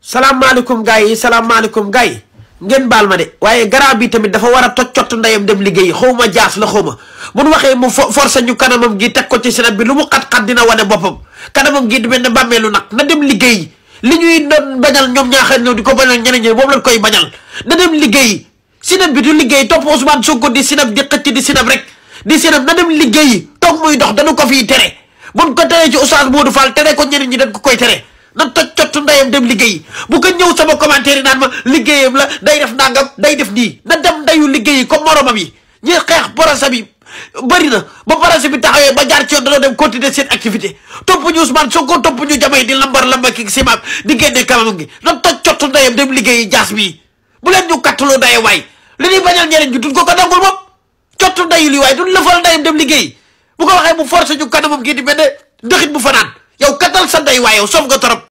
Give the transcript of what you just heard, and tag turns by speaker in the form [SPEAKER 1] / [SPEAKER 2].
[SPEAKER 1] salaamaaleykum gaa yi salaamaaleykum gars yi
[SPEAKER 2] ngeen baal ma de waaye garab bi tamit dafa war a toj cot ndeyam dem liggéey xaw ma jaas la xaw ma bu nu waxee mu force ñu kanamam gi teg ko ci senat bi lu mu xat-xat dina wane boppam kanamam gi di mel ne bàmmeelu nag na dem liggéey li ñuy doon bañal ñoom ñaaxal ñëw di ko bañal ñeneen ñi moom lañ koy bañal na dem liggéey sinab bi du liggéey topp Ousmane Sonko di sinab di xëcc di sinab rek di sinab na dem liggéey toog muy dox dañu ko fi tere buñ ko teree ci Oustaz Modou Fall tere ko ñeneen ñi dañ ko koy tere na toj cottu ndeyam dem liggéey bu ko ñëw sama commentaire yi naan ma liggéeyam la day def nangam day def nii na dem ndeyu liggéeyi comme moromam yi ñi xeex borasa bi bëri na ba borasa bi taxawee ba jaar ci yoon dañoo dem continuer seen activité topp ñu Ousmane Sonko topp ñu jamay di lambar lambar ki simaam di génne kamam gi na toj cottu ndeyam dem liggéeyi jaas bii bu leen ñu kattaloo ndaye li ñuy bañal ñeneen ñu duñ ko ko dangul moom cottu li waay duñ lëfal ndeyam dem liggéey bu ko waxee mu forcé ñu kanamam gi di mel ne ndëxit bu fanaan yow kattal sa ndey
[SPEAKER 3] waay yow soof nga torop